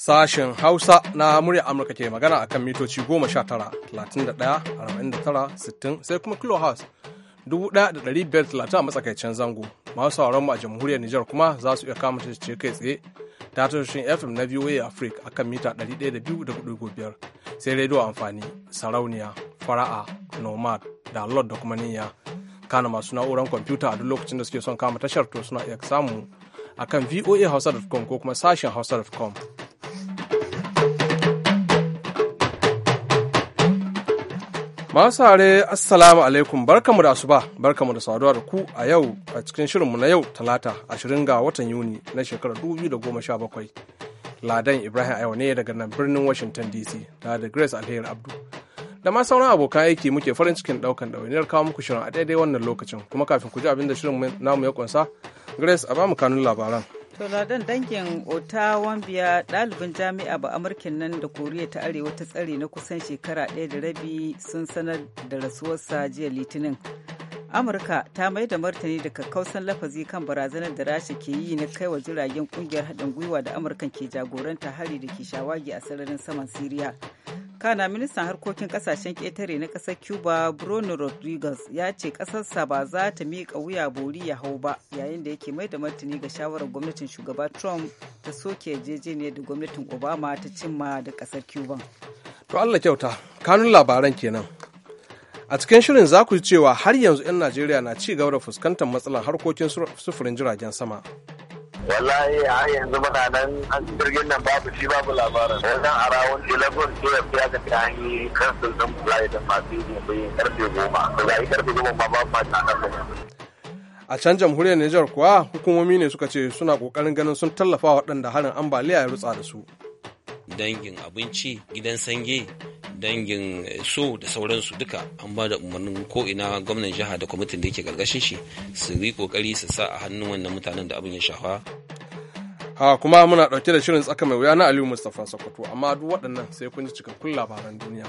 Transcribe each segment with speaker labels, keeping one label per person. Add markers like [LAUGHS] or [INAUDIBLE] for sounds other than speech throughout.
Speaker 1: Sashen Hausa na murya Amurka ke magana a kan mitoci 19-31-49-60 sai kuma kilohertz 1,530 a matsakaicin zango. Masu sauran mu a jamhuriyar Nijar kuma za su iya kama ce kai tsaye ta tashoshin FM na VOA Africa a kan mita 102.5 sai rediyo amfani sarauniya fara'a nomad da lord da kuma niyya kana masu na'uran kwamfuta a duk lokacin da suke son kama tashar to suna iya samu a kan hausa.com ko kuma sashen hausa.com Masu are assalamu alaikum barkamu da asuba barkamu da saduwa da ku a yau a cikin shirinmu na yau talata ashirin ga watan Yuni na shekarar 2017. Ladan Ibrahim a yau ne daga nan birnin Washington DC da da Grace Alheri Abdu. Da ma sauran abokan aiki muke farin cikin daukan ɗawainiyar kawo muku shirin a daidai wannan lokacin kuma kafin ku ji abin da shirin namu ya kunsa Grace a ba mu kanun labaran.
Speaker 2: Toladan dangin Ota ɗalibin jami'a ba Amurkin nan da Koriya ta Arewa ta tsare na kusan shekara ɗaya da rabi sun sanar da rasuwarsa jiya Litinin. Amurka ta mai da martani da kakkausan lafazi kan barazanar da Rasha ke yi na kaiwa jiragen kungiyar haɗin gwiwa da Amurkan ke jagoranta hari da ke shawagi a sararin saman Siriya. kana ministan harkokin kasashen ƙetare na ƙasar cuba bruno rodriguez ya ce ƙasarsa ba za ta miƙa wuya bori ya hau ba yayin da yake mai da martini ga shawarar gwamnatin shugaba trump ta soke ne da gwamnatin obama ta cimma da ƙasar cuba
Speaker 1: to allah kyauta kanun labaran kenan a cikin shirin za ku cewa har yanzu 'yan najeriya na ci gaba da fuskantar matsalar harkokin sufurin jiragen sama wallahi
Speaker 3: a yanzu muna nan an jirgin nan babu shi babu labarin wajen a rawun 11 12 ya ga ta yi kansul din kula da masu yi karfe goma ba za a yi karfe goma ma
Speaker 1: babu mata a kan a can jamhuriyar Nijar kuwa hukumomi ne suka ce suna kokarin ganin sun tallafa waɗanda harin ambaliya ya rutsa da su.
Speaker 4: dangin abinci gidan sange dangin eh, so da sauransu duka an ba da umarnin ko ina gwamnan jiha da kwamitin da yake karkashin shi su yi kokari su sa a hannun wannan mutanen da abin ya shafa
Speaker 1: ha kuma muna ɗauke da shirin tsaka mai wuya na aliyu mustapha sokoto amma duk waɗannan sai kun ji cikakkun labaran duniya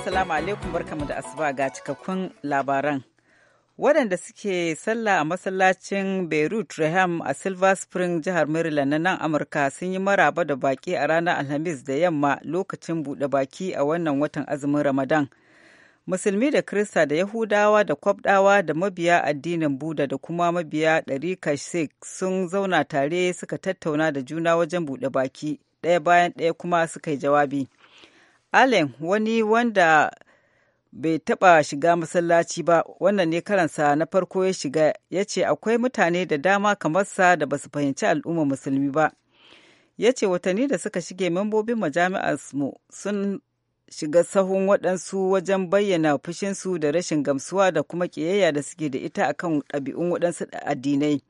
Speaker 2: Assalamu alaikum barkamu da asuba ga cikakkun labaran. waɗanda suke sallah a masallacin beirut raham a silver spring jihar maryland na nan amurka sun yi maraba da baki a ranar alhamis da yamma lokacin buɗe baki a wannan watan azumin ramadan musulmi da krista da yahudawa da kwabdawa da mabiya addinin buda da kuma mabiya ɗari kashik sun zauna tare suka tattauna da juna wajen buɗe baki ɗaya bayan ɗaya kuma suka yi jawabi allen wani wanda bai taɓa shiga masallaci ba wannan ne karansa na farko ya shiga ya ce akwai mutane da dama kamar sa da basu fahimci al'ummar musulmi ba ya ce watanni da suka shige membobin majami'ar mu sun shiga sahun waɗansu wajen bayyana fushinsu da rashin gamsuwa da kuma ƙiyayya da suke da ita akan ɗabi'un waɗansu addinai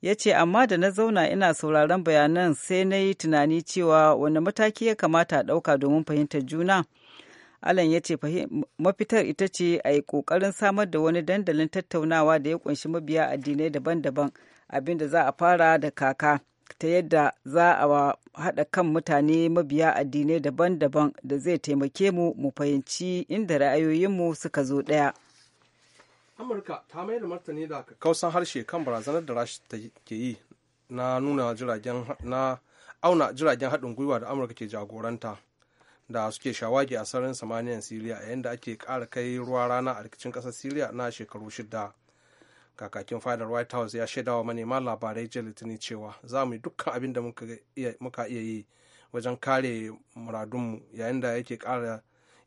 Speaker 2: ya ce amma da na zauna ina sauraron bayanan sai na yi tunani cewa wani mataki ya kamata a ɗauka domin fahimtar juna. Allen ya ce mafitar ita ce a yi ƙoƙarin samar da wani dandalin tattaunawa da ya kunshi mabiya addinai daban-daban abinda za a fara da kaka ta yadda za a haɗa kan mutane mabiya addinai daban-daban da zai taimake mu mu fahimci inda ra'ayoyinmu suka zo ɗaya.
Speaker 1: Amurka ta mai da martani da kausan harshe kan barazanar da ta ke yi na nuna jiragen na auna jiragen haɗin gwiwa da Amurka ke jagoranta. da suke shawagi a sararin samaniyar siriya yayin da ake kara kai ruwa rana a rikicin ƙasar siriya na shekaru shida kakakin fadar white house ya shaida wa manema labarai jiya litinin cewa za mu yi dukkan abin da muka iya yi wajen kare muradunmu yayin da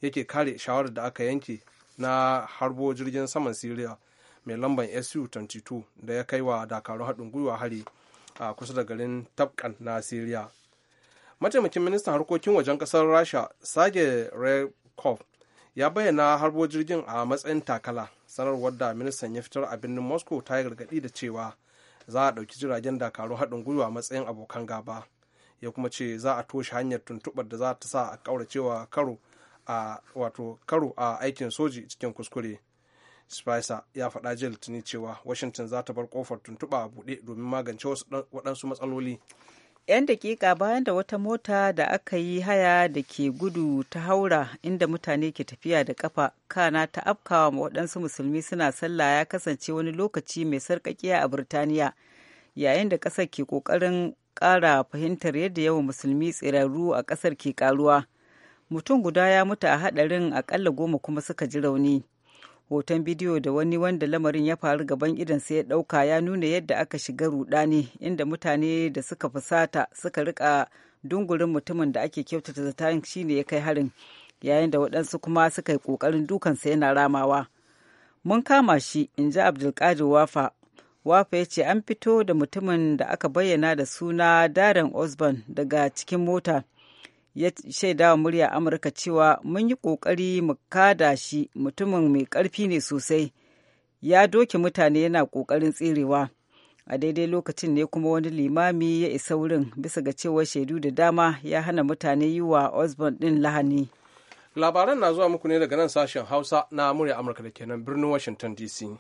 Speaker 1: yake kare shawarar da aka yanke na harbo jirgin saman siriya mai lamban su 22 da ya kai wa dakarun haɗin gwiwa hari a kusa da garin tabkan na siriya mataimakin ministan harkokin wajen kasar rasha sage rekov ya bayyana harbo jirgin a matsayin takala sanarwar da ministan ya fitar a birnin moscow ta yi gargaɗi da cewa za a ɗauki jiragen dakaru haɗin gwiwa matsayin abokan gaba ya kuma ce za a toshe hanyar tuntuɓar da za ta sa a ƙauracewa karo a wato karo a aikin soji cikin kuskure spicer ya faɗa jiya litinin cewa washington za ta bar kofar tuntuɓa a buɗe domin magance waɗansu matsaloli 'yan dakika bayan
Speaker 2: da wata mota da aka yi haya da ke gudu ta haura inda mutane ke tafiya da kafa kana ta afkawa waɗansu musulmi suna sallah ya kasance wani lokaci mai sarƙaƙiya a birtaniya yayin da ƙasar ke ƙoƙarin ƙara fahimtar yadda yawan musulmi tsirarru a ƙasar ke ƙaruwa mutum guda ya mutu a haɗarin aƙalla goma kuma suka ji rauni hoton bidiyo da wani wanda lamarin ya faru gaban idansa ya ɗauka ya nuna yadda aka shiga rudani inda mutane da suka fusata suka rika dungurin mutumin da ake kyautata zaton shine ya kai harin yayin da waɗansu kuma suka yi ƙoƙarin dukansa yana ramawa mun kama shi in ji abdulkadir wafa wafa ya ce an fito da mutumin da aka bayyana da suna darren osborn daga cikin mota ya shaida wa murya amurka cewa mun yi ƙoƙari mu kada shi mutumin mai ƙarfi ne sosai ya doke mutane yana ƙoƙarin tserewa a daidai lokacin ne kuma wani limami ya isa wurin bisa ga cewar shaidu da dama ya hana mutane yi wa osborn ɗin lahani
Speaker 1: labaran na zuwa muku ne daga nan sashen hausa na murya amurka da kenan birnin washington dc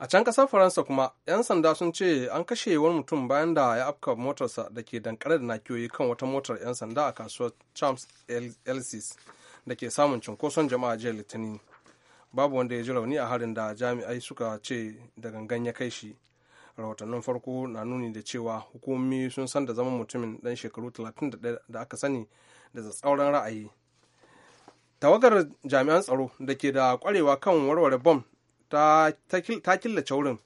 Speaker 1: a can kasar faransa kuma 'yan sanda sun ce an kashe wani mutum bayan da ya afka motarsa da ke dankare da nakiyoyi kan wata motar 'yan sanda a kasuwar Champs elsis da ke samun cunkoson jama'a jiya litinin babu wanda ya ji rauni a harin da jami'ai suka ce da gangan ya kai shi rahotannin farko na nuni da cewa hukumomi sun san da zaman mutumin dan shekaru 31 da aka sani da tsauran ra'ayi tawagar jami'an tsaro da ke da kwarewa kan warware bom ta killace wurin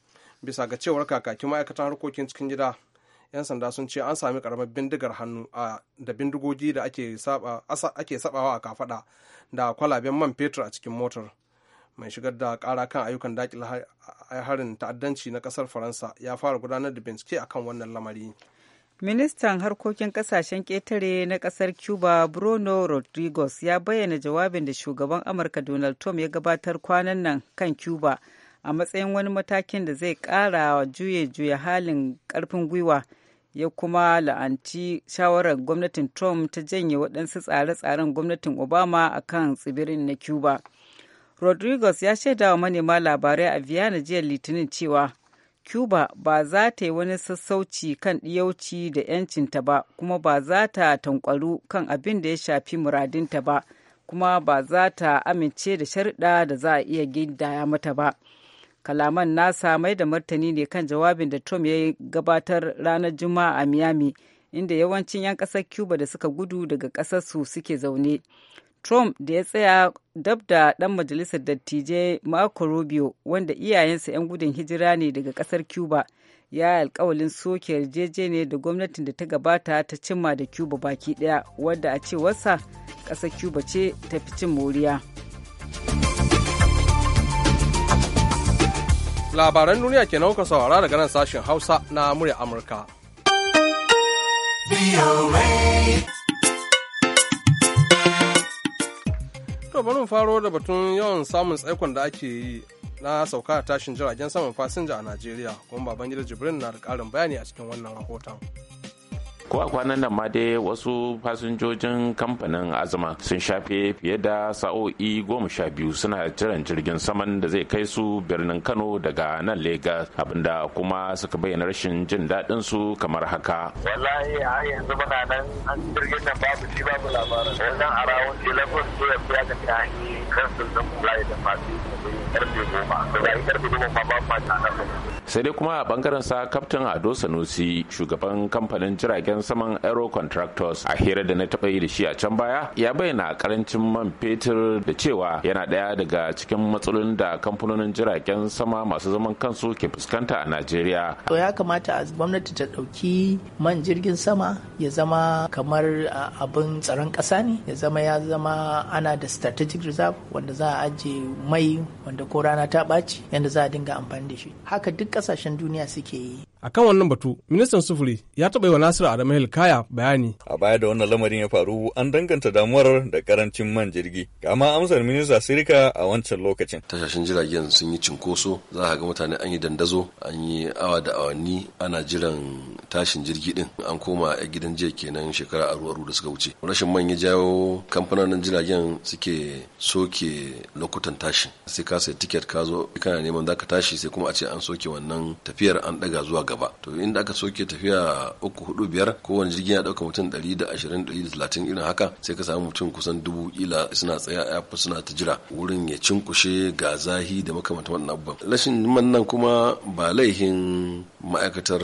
Speaker 1: bisa ga cewar kakakin ma'aikatan harkokin cikin gida 'yan sanda sun ce an sami karamar bindigar hannu da bindigogi da ake sabawa a kafada da kwalaben man fetur a cikin motar mai shigar da kara kan ayyukan dakil harin ta'addanci na kasar faransa ya fara gudanar da bincike akan wannan lamari
Speaker 2: Ministan harkokin kasashen ƙetare na ƙasar Cuba Bruno Rodriguez ya bayyana jawabin da shugaban Amurka Donald Trump ya gabatar kwanan nan kan Cuba a matsayin wani matakin da zai ƙara wa juye juya halin ƙarfin gwiwa ya kuma la'anci shawarar gwamnatin Trump ta janye waɗansu tsare-tsaren gwamnatin Obama a kan tsibirin na Cuba. Rodriguez ya shaidawa manema labarai a Vienna jiya Litinin cewa Cuba ba za ta yi wani sassauci kan ɗiyauci da 'yancinta ba, kuma ba za ta tankwaru kan abin da ya shafi muradinta ba, kuma ba za ta amince da sharɗa da za a iya gindaya mata ba. Kalaman nasa mai da martani ne kan jawabin da Trump ya gabatar ranar Juma'a a Miami, inda yawancin 'yan ƙasar Cuba da suka gudu daga ƙasarsu suke zaune. Trump da ya tsaya dab da ɗan majalisar dattijai Marco Rubio wanda iyayensa 'yan gudun hijira ne daga ƙasar Cuba ya yi alkawalin soke yarjejeniyar da gwamnatin da ta gabata ta cimma da Cuba baki ɗaya wadda a cewarsa ƙasar Cuba ce ta fi cin moriya.
Speaker 1: Labaran duniya kenan kuka saurara daga nan sashen Hausa na murya Amurka. to bari mu faro da batun yawan samun tsaikon da ake yi na sauka a tashin jiragen saman fasinja a Najeriya kuma babangida gida Jibrin na da ƙarin bayani a cikin wannan rahoton.
Speaker 5: ko a kwanan nan ma dai wasu fasinjojin kamfanin azuma sun shafe fiye da sa'o'i goma sha biyu suna jiran jirgin saman da zai kai su birnin kano daga nan legas abinda kuma suka bayyana rashin jin daɗin su kamar haka
Speaker 3: wallahi a yanzu muna nan an jirgin nan babu shi babu labarin wannan a rawun telefon ko ya fiya ga ta hanyar kansu da kula da fasinjoji karfe
Speaker 6: goma da karfe goma ba ba ta nan
Speaker 5: sai dai kuma a bangaren sa kaftin ado sanusi shugaban kamfanin jiragen saman aero contractors a hira da na taba yi da shi a can baya ya bayyana karancin man fetur da cewa yana daya daga cikin matsalolin da kamfanonin jiragen sama masu zaman kansu ke fuskanta a najeriya
Speaker 3: to ya kamata a gwamnati ta dauki man jirgin sama ya zama kamar abin tsaron kasa ne ya zama ya zama ana da strategic reserve wanda za a ajiye mai wanda ko rana ta ɓaci yadda za a dinga amfani da shi haka duk kasashen duniya suke yi
Speaker 1: a kan wannan batu ministan sufuri ya taɓa yi wa nasiru adamu kaya bayani a baya da wannan lamarin ya faru an danganta
Speaker 7: damuwar da karancin man jirgi kama amsar minista sirika a wancan lokacin tashashin jiragen sun yi cinkoso za a ga mutane an yi dandazo an yi awa da awanni ana jiran tashin jirgi din an koma a gidan jiya kenan shekara aru aru da suka wuce rashin man ya jawo kamfanonin jiragen suke soke lokutan tashi sai ka sai tiket ka zo kana neman zaka tashi sai kuma a ce an soke wannan tafiyar an ɗaga zuwa gaba to inda aka soke tafiya uku hudu biyar kowane jirgin ya dauka mutum ɗari da ashirin ɗari da talatin irin haka sai ka samu mutum kusan dubu ila suna tsaya a suna ta jira wurin ya cinkushe ga zahi da makamanta wannan abubuwan rashin nan kuma ba laihin ma'aikatar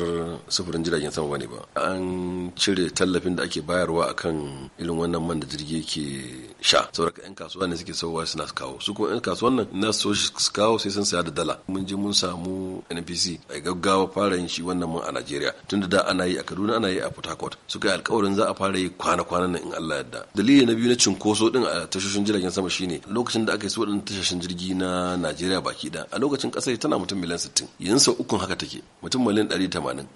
Speaker 7: sufurin jiragen sama bane ba an cire tallafin da ake bayarwa akan irin wannan man da jirgi ke sha sauraka yan kasuwa ne suke sauwa suna kawo su kuma yan kasuwa nan na so su kawo sai sun saya da dala mun je mun samu NPC a gaggawa fara yin shi wannan mun a nigeria tun da ana yi a Kaduna ana yi a Port Harcourt suka yi alƙawarin za a fara yi kwana-kwanan nan in Allah yarda dalili na biyu na cinkoso din a tashoshin jiragen sama shine lokacin da aka yi waɗannan tashoshin jirgi na nigeria baki da a lokacin ƙasar tana mutum miliyan sittin yanzu sau ukun haka take mutum miliyan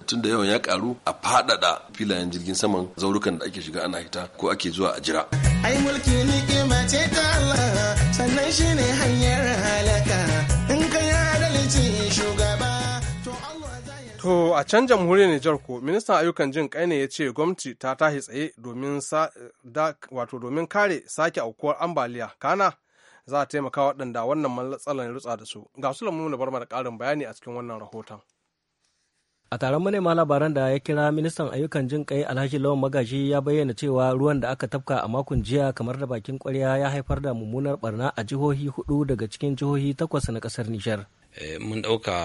Speaker 7: tun da yawan ya karu a faɗaɗa filayen jirgin saman zaurukan da ake shiga ana hita ko ake zuwa a jira
Speaker 3: ai mulkin arziki mace ta Allah sannan shi ne hanyar halaka in adalci shugaba
Speaker 1: To a can jamhuriyar Nijar ko ministan ayyukan jin kai ne ya ce gwamnati ta tashi tsaye domin wato domin kare sake aukuwar ambaliya kana za a taimaka waɗanda wannan matsalar rutsa da su ga su lamu da barma da ƙarin bayani a cikin wannan rahoton.
Speaker 3: a taron manema labaran da ya kira ministan ayyukan jin kai alhaji lawan magaji ya bayyana cewa ruwan da aka tafka a makon jiya kamar da bakin kwarya ya haifar da mummunar barna a jihohi hudu daga cikin jihohi takwas na kasar
Speaker 4: nijar eh, mun dauka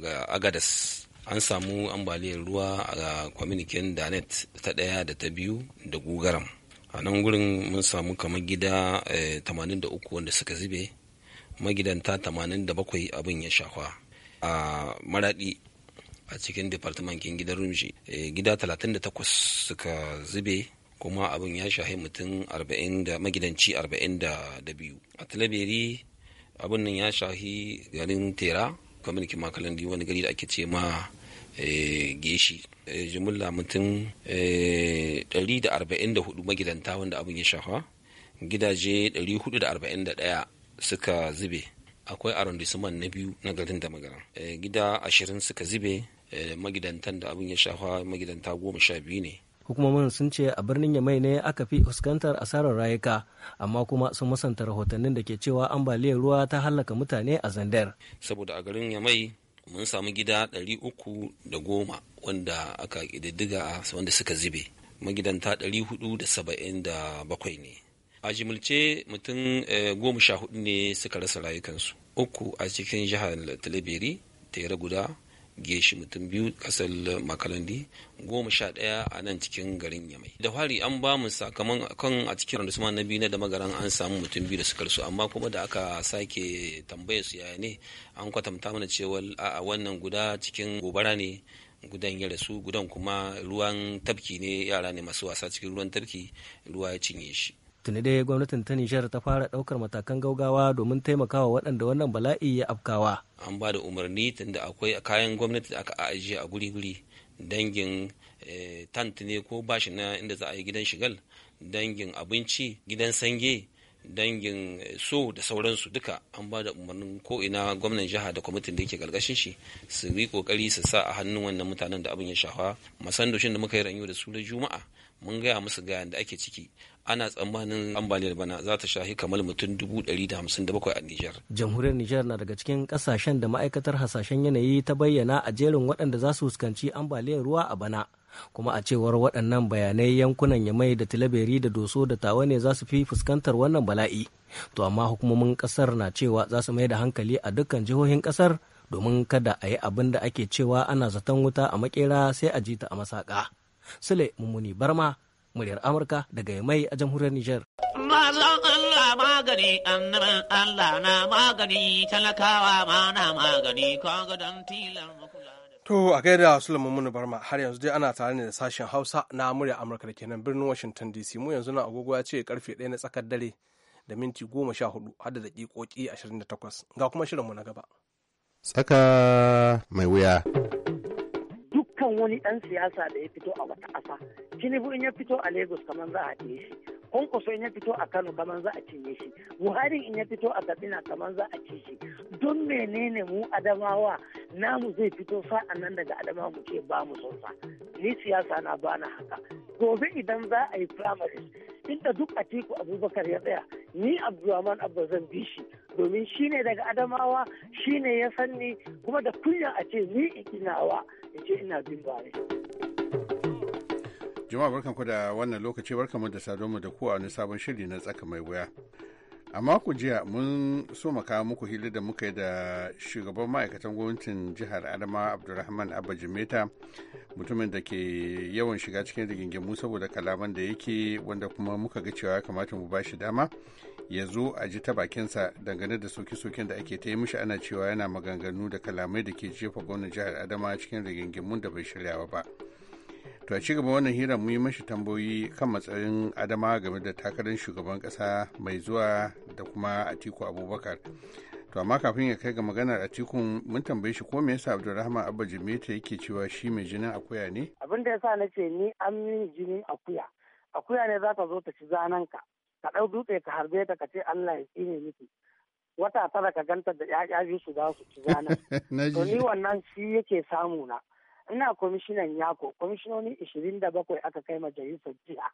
Speaker 4: ga agadas an samu ambaliyar ruwa a kwaminikin danet ta daya da ta biyu da gugaram a nan gurin mun samu kamar gida 83 eh, wanda suka zube magidanta 87 abin ya shafa a maradi a cikin kin gidan rumshi eh, gida 38 suka zube kuma abin ya shahi mutum magidanci 42 a talabiri abin nan ya shahi garin tera kwamitin makalandi wani gari da ake ce ma eh, geshi eh, jimilla mutum 144 magidanta wanda abin ya shafa gidaje 441 suka zube akwai arondisman na biyu na garin da magana gida ashirin suka zube Eh, magidantan da abin ya shafa magidanta goma sha biyu ne
Speaker 3: hukumomin sun ce a birnin yamai ne aka fi fuskantar asarar rayuka amma kuma sun musanta rahotannin da ke cewa ambaliyar ruwa ta hallaka mutane a zandar
Speaker 4: saboda a garin yamai mun samu gida ɗari uku da goma wanda aka ƙididdiga wanda suka zube magidanta ɗari hudu da saba'in da bakwai ne a jimilce mutum eh, goma sha hudu ne suka rasa rayukansu uku a cikin jihar talabiri tere guda geshi mutum biyu kasar makalandi goma sha ɗaya a nan cikin garin yamai da fari an ba mu sakamakon a cikin suma na biyu na da magaran an samu mutum biyu da suka karsu amma kuma da aka sake tambaye su yaya ne an kwatanta mana cewa a wannan guda cikin gobara ne gudan ya rasu gudan kuma ruwan tafki ne yara ne masu wasa cikin ruwan tafki ruwa ya cinye shi
Speaker 3: tuni dai gwamnatin ta nijar ta fara ɗaukar matakan gaugawa domin taimakawa waɗanda wannan bala'i ya afkawa
Speaker 4: an ba da umarni tunda akwai kayan gwamnati da aka ajiye a guri-guri dangin eh, tant ne ko bashi na inda za a yi gidan shigal dangin abinci gidan sange dangin eh, so da sauransu duka an ba da umarnin ko ina gwamnan jiha da kwamitin da yake karkashin shi su yi kokari su sa a hannun wannan mutanen da abin ya shafa masandoshin da muka yi ranyu da su da juma'a mun gaya musu ga da ake ciki ana tsammanin ambaliyar bana za ta shahi kamar mutum dubu ɗari da hamsin da bakwai a Nijar.
Speaker 3: Jamhuriyar Nijar na daga cikin ƙasashen da ma'aikatar hasashen yanayi ta bayyana a jerin waɗanda za su fuskanci ambaliyar ruwa a bana. Kuma a cewar waɗannan bayanai yankunan Yamai da Tilaberi da Doso da Tawa ne za su fi fuskantar wannan bala'i. To amma hukumomin ƙasar na cewa za su mai da hankali a dukkan jihohin ƙasar domin kada a yi abin da ake cewa ana zaton wuta a makera sai a ji ta a masaƙa Sule Mummuni Barma muryar Amurka daga Yamai a jamhuriyar Nijar. Allah magani, talakawa
Speaker 8: ma magani,
Speaker 1: To a gaida Sulaiman Munu Barma har yanzu dai ana tare ne da sashen Hausa na murya Amurka da kenan birnin Washington DC mu yanzu na agogo ya ce karfe 1 na tsakar dare da minti goma sha 14 har da daƙiƙoƙi 28 ga kuma shirinmu na gaba.
Speaker 6: Tsaka mai wuya.
Speaker 8: wani ɗan siyasa da ya fito a wata ƙasa tinubu in ya fito a lagos kamar za a haɗe shi kwankwaso in ya fito a kano kamar za a cinye shi buhari in ya fito a katsina kamar za a ci shi don menene mu adamawa namu zai fito sa'an nan daga adama mu ce ba mu son ni siyasa na bana haka gobe idan za a yi primaries inda duk atiku abubakar ya tsaya ni abdulrahman abba zan bi shi domin shi ne daga adamawa shi ne ya sanni kuma da kunya a ce ni ikinawa ya ce ina bin bari
Speaker 6: Jama'a barkanku da wannan lokaci mu da mu da ku a wani sabon shiri na tsaka mai wuya. a mako jiya mun so kawo muku hili da muka yi da shugaban ma'aikatan gwamnatin jihar adama abdulrahman abba jimeta mutumin da ke yawan shiga cikin rigingimu saboda kalaman da yake wanda kuma muka ga cewa ya kamata mu bashi dama ya zo a ji ta bakinsa dangane da soke-soken da ake ta yi mishi ana cewa yana maganganu da kalamai da ke jefa gwamnan jihar adama cikin rigingimu da bai shiryawa ba. To a ci gaba wannan hira mu yi mashi tambayoyi kan matsayin Adama game da takarar shugaban kasa mai zuwa da kuma Atiku Abubakar. To amma kafin ya kai ga maganar Atiku mun tambaye shi ko me yasa Abdulrahman Abba Jimeta yake cewa shi mai jinin akuya ne?
Speaker 8: Abin da yasa na ce ni an mini jinin akuya. Akuya ne za ta zo ta ci zananka. Ka ɗau dutse ka harbe ta ka ce Allah ya tsine miki. wata tara ka ganta da ya biyu su za su ci zana.
Speaker 6: [LAUGHS] To ni
Speaker 8: wannan shi yake samu na. ina kwamishinan yako kwamishinoni ishirin da bakwai aka kai majalisar jiya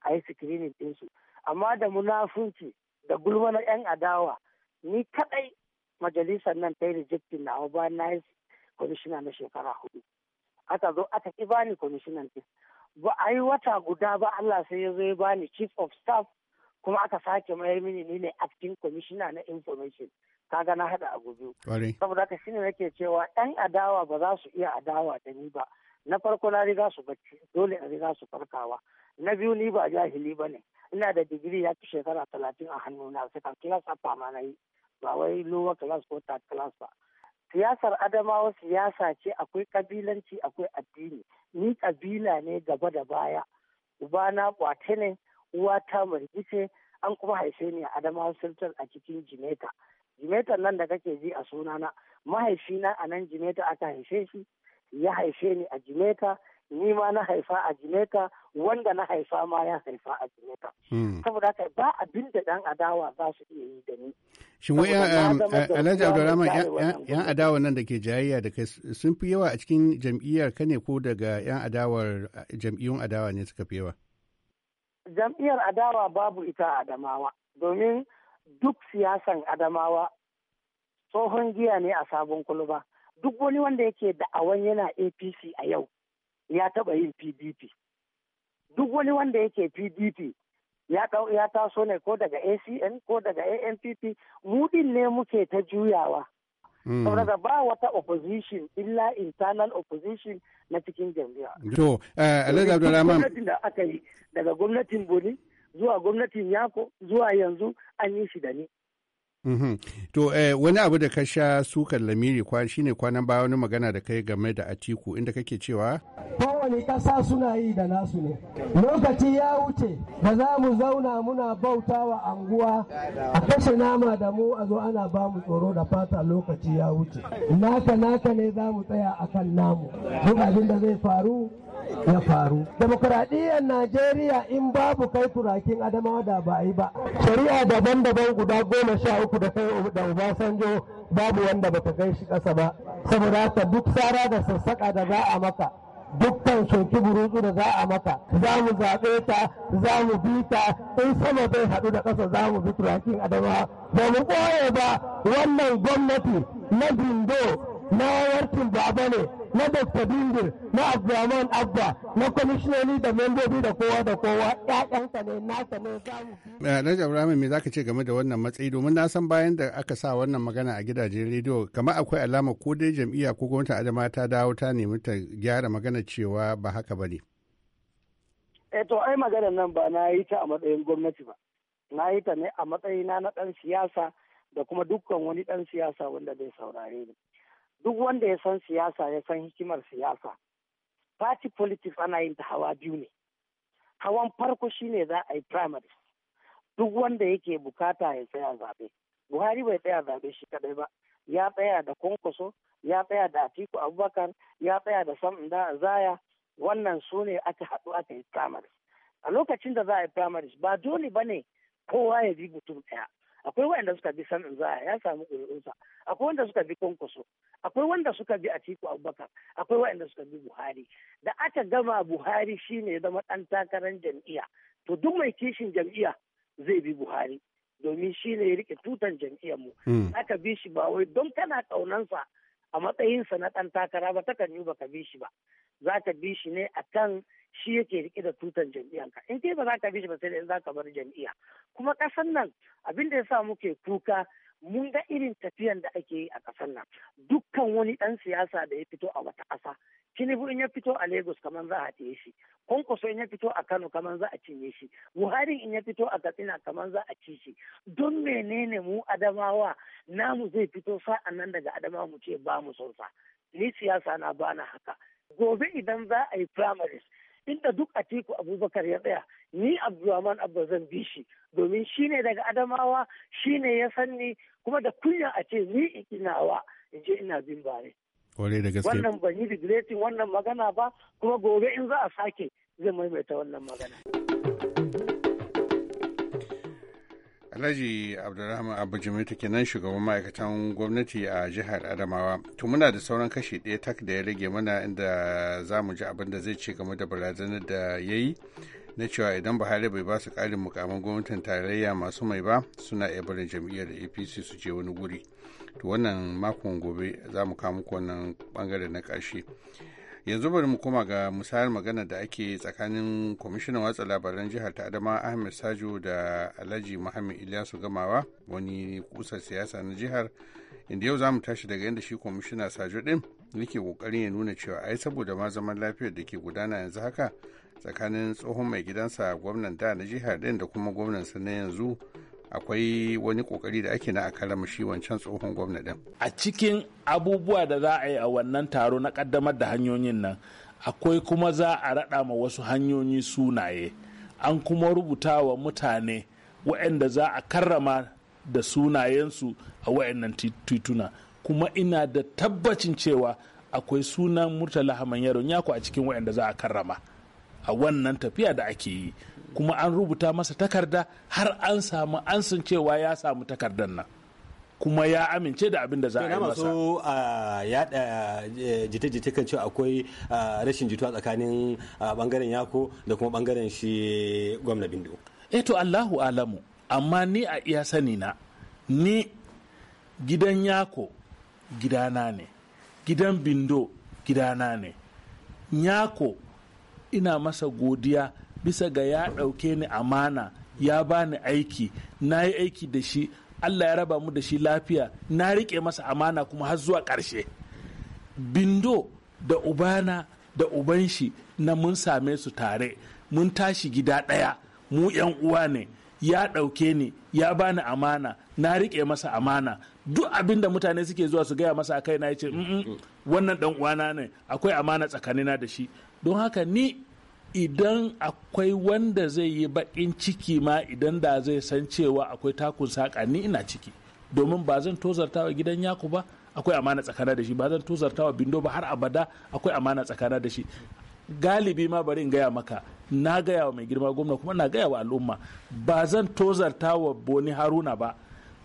Speaker 8: a yi sikirinin ɗinsu amma da munafunci da gulma na yan adawa ni kadai majalisar nan ta yi rejectin nawa ba na yi kwamishina na shekara hudu aka zo aka ki bani kwamishinan ɗin ba a yi wata guda ba Allah sai ya zo ya bani chief of staff kuma aka sake mayar mini ni ne acting commissioner na information kaga na hada a guzu saboda haka shine nake cewa yan adawa ba za su iya adawa da ni ba na farko na riga su bacci dole in riga su farkawa na biyu ni ba jahili ba ne ina da digiri ya fi shekara talatin a hannuna second kilas a fama na yi ba wai lowa ko ta kilas ba siyasar adamawa siyasa ce akwai kabilanci akwai addini ni kabila ne gaba da baya uba na kwate ne ta margice an kuma haife ni a adamawa sultan a cikin jimeta jimetar nan da kake ji a sunana mahaifina a nan jimeta aka haife shi ya haife ni a jimeta ni ma na haifa a jimeta wanda na haifa ma ya haifa a jimeta hmm. saboda haka ba abin da dan adawa za su iya yi da ni shin wai um, uh, alhaji abdulrahman
Speaker 6: yan adawa nan da ke jayayya da kai sun fi yawa a cikin jam'iyyar ka ne ko daga yan adawar uh, jam'iyyun adawa ne suka fi yawa
Speaker 8: jam'iyyar adawa babu ita adamawa domin duk siyasan adamawa tsohon giya ne a sabon kuluba duk wani wanda yake da'awan yana apc a yau ya taba yin pdp duk wani wanda yake pdp ya taso ne ko daga acn ko daga anpp mudin ne muke ta juyawa hmm. saboda ba wata opposition illa internal opposition na cikin jam'iyya.
Speaker 6: to eh, alhaji abdulrahman
Speaker 8: daga gwamnatin boni zuwa gwamnatin yako zuwa yanzu an yi shi da ni.
Speaker 6: Mhm. To eh, wani abu da ka sha sukan lamiri shine kwanan baya wani magana da kai game da Atiku inda kake cewa?
Speaker 3: Ko kowane ƙasa suna yi da nasu ne lokaci ya wuce da za mu zauna muna bauta wa anguwa a kashe nama da mu a zo ana ba mu tsoro da fata lokaci ya wuce naka naka ne za mu tsaya akan namu duk abin da zai faru ya faru. Demokuraɗiyyar Najeriya in babu kai turakin Adamawa da ba yi ba. Shari'a daban-daban guda goma sha uku da kai da Obasanjo babu
Speaker 8: wanda bata kai shi ƙasa ba. Saboda haka duk tsara da sassaƙa da za a maka. dukkan soki burutsu da za a maka za mu zaɓe ta za mu bi ta in sama zai haɗu da ƙasa za mu bi turakin adama ba mu ɓoye ba wannan gwamnati
Speaker 3: na bindo na warkin baba ne na Dr. Bindir, na Abdulrahman
Speaker 6: Abba, na kwamishinoni da membobi da kowa da kowa,
Speaker 9: ‘ya'yansa ne, nasa ne, zamu.
Speaker 6: Raja eh, Ibrahim, me za ka ce game da wannan matsayi domin na san bayan da aka sa wannan magana a gidajen rediyo, kamar akwai alama ko dai jam'iyya ko gwamnatin Adama ta dawo ta nemi ta gyara magana cewa ba haka ba ne.
Speaker 8: e to, ai magana nan ba na yi ta a matsayin gwamnati ba. Na yi ta ne a matsayina na ɗan siyasa da kuma dukkan wani ɗan siyasa wanda zai saurare ni. duk wanda ya san siyasa ya san hikimar siyasa party politics ana yin ta hawa biyu ne hawan farko shine za a yi primaries duk wanda yake bukata ya tsaya zaɓe buhari bai tsaya zaɓe shi kadai ba ya tsaya da kwankwaso ya tsaya da atiku abubakar ya tsaya da da zaya wannan su ne aka haɗu aka yi primaries a lokacin da za a yi primaries ba dole ba ne kowa ya bi mutum ɗaya akwai waɗanda suka bi san za ya samu ƙuri'unsa akwai wanda suka bi kwankwaso akwai wanda suka bi atiku abubakar akwai waɗanda suka bi buhari da aka gama buhari shine ya zama ɗan takarar jam'iyya to duk mai kishin jam'iyya zai bi buhari domin shine ya rike tutan mu hmm. aka bi shi ba wai don kana ƙaunansa a matsayinsa na ɗan takara ba takan yi ba ka bi shi ba za ka bi shi ne akan shi yake rike da tutan jam'iyyanka in dai ba za ka bi shi ba sai in za ka bar jam'iyya kuma kasan nan abin da ya sa muke kuka mun ga irin tafiyan da ake yi a ƙasar nan dukkan wani dan siyasa da ya fito a wata ƙasa tinubu in ya fito a lagos kamar za a tiye shi kwankwaso in ya fito a kano kamar za a cinye shi buhari in ya fito a katsina kamar za a ci shi don menene mu adamawa namu zai fito sa'a nan daga adamawa mu ce ba mu sonsa? ni siyasa na bana haka gobe idan za a yi primaries inda duk a tiku Abubakar ya tsaya ni Abdulrahman Abba zan bi shi domin shi ne daga Adamawa shi ne ya sanni kuma da kunya a ce ni ikinawa in je ina bin bare
Speaker 6: wannan
Speaker 8: ban yi digretin wannan magana ba kuma gobe in za a sake zai maimaita wannan magana
Speaker 6: Alhaji Abdulrahman Jimita kenan shugaban ma'aikatan gwamnati a jihar Adamawa. To muna da sauran kashi ɗaya tak da ya rage mana inda za mu ji abin da zai ce game da barazanar da ya yi na cewa idan Buhari bai ba su ƙarin mukamin gwamnatin tarayya masu mai ba suna iya barin jam'iyyar APC su je wani guri. To wannan makon gobe za mu kawo muku wannan bangare na ƙarshe. yanzu bari mu koma ga musayar magana da ake tsakanin kwamishinan watsa labaran jihar ta adama ahmed sajo da alhaji muhammad ilyasu gamawa wani kusa siyasa na jihar inda yau za mu tashi daga inda shi kwamishina sajo din yake kokarin ya nuna cewa ai saboda ma zaman lafiyar da ke gudana yanzu haka tsakanin tsohon mai gidansa gwamnan da na jihar din da kuma gwamnan sa na yanzu akwai wani kokari da ake na a karama shi wancan tsohon gwamna din
Speaker 5: a cikin abubuwa da za a yi a wannan taro na kaddamar da hanyoyin nan akwai kuma za a raɗa ma wasu hanyoyi sunaye an kuma rubuta wa mutane waɗanda za a karrama da sunayensu a waɗannan tituna kuma ina da tabbacin cewa akwai sunan murtala haman yaron yako a cikin waɗanda za a karrama a wannan tafiya da ake yi kuma an rubuta masa takarda har an samu ansin cewa ya samu takardar nan kuma ya amince da abin da za a yi masa.
Speaker 4: masu yada eh, jita-jita kan cewa akwai rashin jituwa tsakanin bangaren yako da kuma bangaren shi gwamna bindu. Eto eh, Allahu alamu
Speaker 5: amma ni a iya sani na ni gidan yako gidana ne gidan bindo gidana ne yako ina masa godiya bisa ga ya ɗauke ni amana ya bani aiki na yi aiki da shi allah ya raba mu da shi lafiya na riƙe masa amana kuma har zuwa ƙarshe bindo da ubana da uban shi na mun same su tare mun tashi gida ɗaya mu yan uwa ne ya ɗauke ni ya bani amana na riƙe masa amana duk abin da mutane suke zuwa su gaya masa a kai na ya ce wannan ɗan uwana ne akwai amana tsakanina da shi don haka ni idan akwai wanda zai yi baƙin ciki ma idan da zai san cewa akwai takun saƙa ni ina ciki domin ba zan tozarta wa gidan yaku ba akwai amana tsakana da shi ba zan tozarta wa bindo ba har abada akwai amana tsakana da shi galibi ma bari in gaya maka na gaya wa mai girma gwamna kuma na gaya wa al'umma ba zan tozarta wa boni haruna ba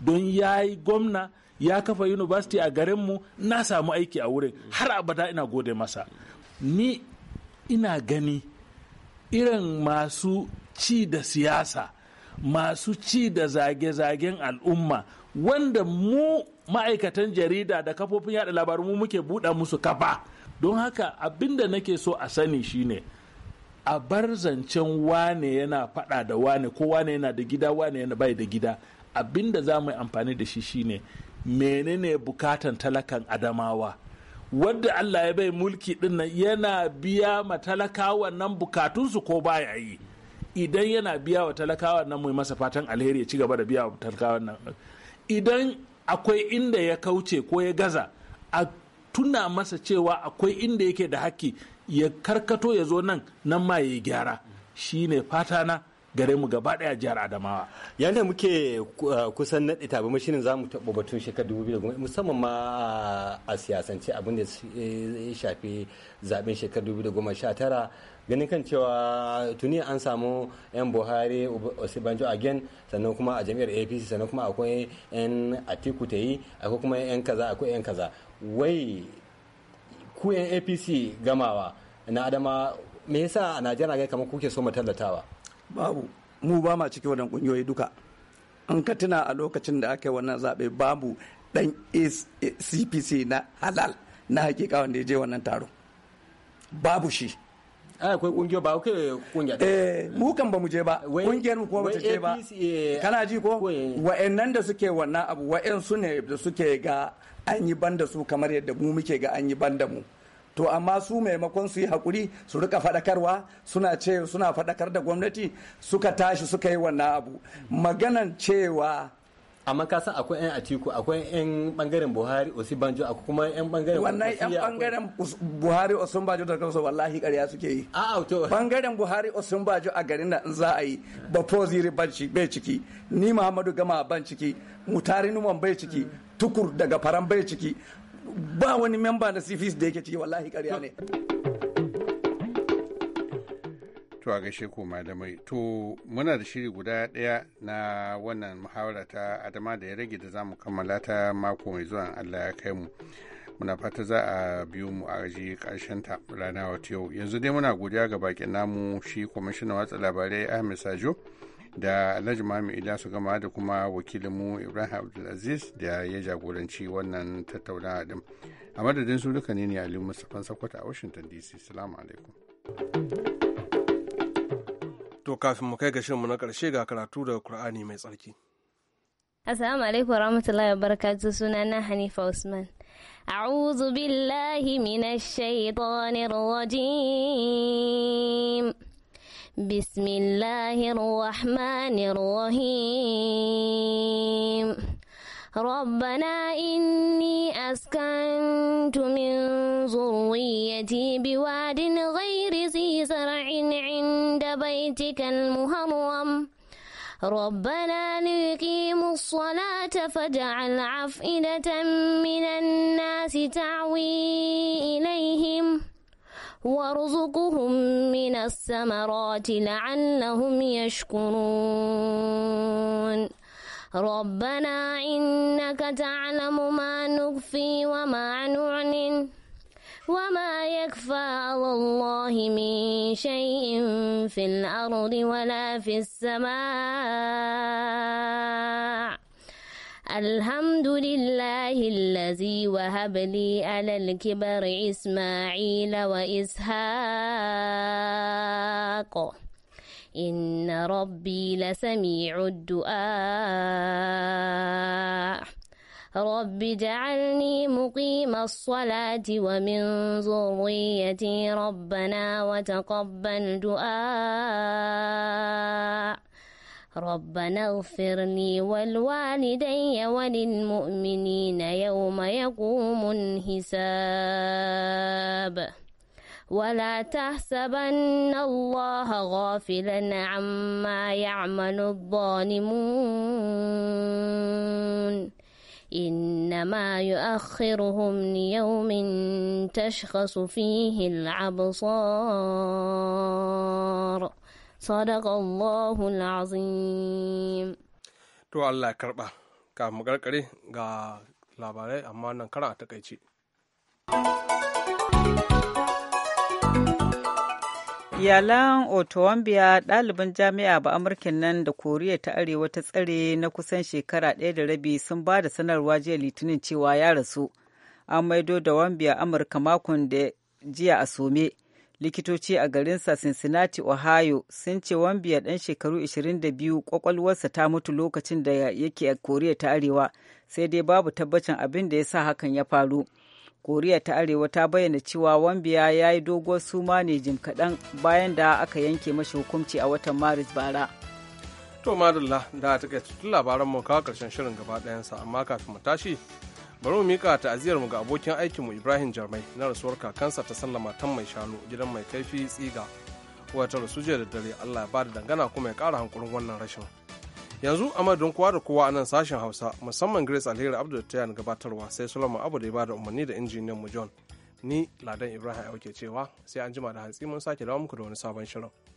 Speaker 5: don ya yi gwamna ya kafa university a garinmu na samu aiki a wurin har abada ina gode masa ni ina gani irin masu ci da siyasa masu ci da zage-zagen al'umma wanda mu ma'aikatan jarida da kafofin yada labaru mu muke buɗa musu kafa don haka abinda nake so a sani shine a bar zancen wane yana faɗa da wane ko wane yana da gida wane yana bai da gida abinda za mu yi amfani da shi shine menene bukatan talakan adamawa wadda Allah ya bai mulki din yana biya ma talakawa nan bukatunsu ko baya yi idan yana biya wa talakawa nan mai masa fatan alheri ya ci gaba da biya wa talakawa nan idan akwai inda ya kauce ko ya gaza a tuna masa cewa akwai inda yake da haƙƙi ya karkato ya zo nan nan ma ya yi gyara shine fatana gare mu gaba daya jihar adamawa
Speaker 4: yadda muke uh, kusan naɗe tabi mashirin za mu taɓa batun shekar 2010 musamman ma a siyasance abin da eh, ya shafi zaben shekar 2019 ganin kan cewa tuni an samu yan buhari osibanjo again sannan kuma a jami'ar apc sannan kuma akwai yan atiku ta yi akwai kuma yan kaza akwai yan kaza wai ku yan apc gamawa na adama me yasa a najeriya ga kamar kuke so mu tallatawa babu mu ba ma ciki wannan kungiyoyi duka
Speaker 5: an ka tuna a lokacin da aka yi wannan zaɓe babu dan cpc na halal na hakika wanda ya je wannan taro babu shi ai ah, akwai kungiyo ba kai kungiya eh mu kan ba mu je ba kungiyar mu kuma ta je ba eh, kana ji ko wa'annan da suke wannan abu su ne da suke ga an yi banda su kamar yadda mu muke ga an yi banda mu to amma su maimakon su yi hakuri su rika faɗakarwa suna ce suna faɗakar da gwamnati suka tashi suka yi wannan abu maganan cewa amma ka san akwai 'yan atiku akwai 'yan bangaren buhari osibanjo akwai kuma 'yan bangaren wannan 'yan bangaren buhari osibanjo da kansu wallahi ƙarya suke yi a'a bangaren buhari osibanjo a garin nan za a yi ba banci bai ciki ni muhammadu gama ban ciki mutari numan bai ciki tukur daga faran bai ciki ba wani memba na cfs da yake ciki wallahi karya ne
Speaker 6: to a gaishe ko malamai to muna da shiri guda ɗaya na wannan muhawara ta adama da ya rage da za mu kammala ta mako mai zuwa allah ya kai mu muna fata za a biyu mu a ji karshen ta rana wata yau yanzu dai muna godiya ga baƙin namu shi kwamishinan watsa labarai ahmed sajo da alhaji mami ilyasu gama da kuma wakilinmu ibrahim abdulaziz da ya jagoranci wannan tattaunawa din a madadin su duka ne ne ali mustapha a washington dc salamu alaikum
Speaker 1: to kafin mu kai ga shirinmu na karshe ga karatu da kur'ani mai tsarki
Speaker 9: Assalamu alaikum warahmatullahi wabarakatuh na Hanifa Usman. A'udhu billahi minash shaitanir rajim. بسم الله الرحمن الرحيم ربنا إني أسكنت من ذريتي بواد غير ذي زرع عند بيتك المهرم ربنا ليقيموا الصلاة فاجعل عفئدة من الناس تعوي إليهم وارزقهم من الثمرات لعلهم يشكرون ربنا إنك تعلم ما نخفي وما نعلن وما يكفى على الله من شيء في الأرض ولا في السماء الحمد لله الذي وهب لي على الكبر إسماعيل وإسحاق إن ربي لسميع الدعاء رب اجعلني مقيم الصلاة ومن ذريتي ربنا وتقبل دعاء ربنا اغفرني والوالدي وللمؤمنين يوم يقوم الحساب ولا تحسبن الله غافلا عما يعمل الظالمون إنما يؤخرهم ليوم تشخص فيه الأبصار Sadakallahu azim.
Speaker 1: To Allah ya karba, ka mu karkare ga labarai amma nan karan a takaice.
Speaker 2: Iyalan Otowambia ɗaliban jami'a ba Amurkin nan da Koriya ta Arewa ta tsare na kusan shekara ɗaya da rabi sun ba da sanarwa jiya Litinin cewa ya rasu. An maido da Wambia Amurka makon da jiya a some. likitoci a garinsa cincinnati ohio sun ce wambiya ɗan shekaru 22 kwakwalwarsa ta mutu lokacin da yake a koriya ta arewa sai dai babu tabbacin abin da ya sa hakan ya faru koriya ta arewa ta bayyana cewa wambiya ya yi doguwar suma ne jim kaɗan bayan da aka yanke mashi hukunci a watan maris bara
Speaker 1: to madalla da ta labaran mu kawo karshen shirin gaba ɗayansa amma kafin mu tashi bari mu mika ta'aziyar mu ga abokin aikin mu Ibrahim Jarmai na rasuwar kakansa ta sallama tan mai shanu gidan mai kaifi tsiga wata rasu jiya da dare Allah ya ba da dangana kuma ya kara hankurin wannan rashin yanzu a madadin kowa da kowa a nan sashen Hausa musamman Grace Alheri Abdul Tayan gabatarwa sai Solomon Abu da ya ba da umarni da injiniyan mu John ni Ladan Ibrahim ya Auke cewa sai an jima da hantsi mun sake dawo muku da wani sabon shirin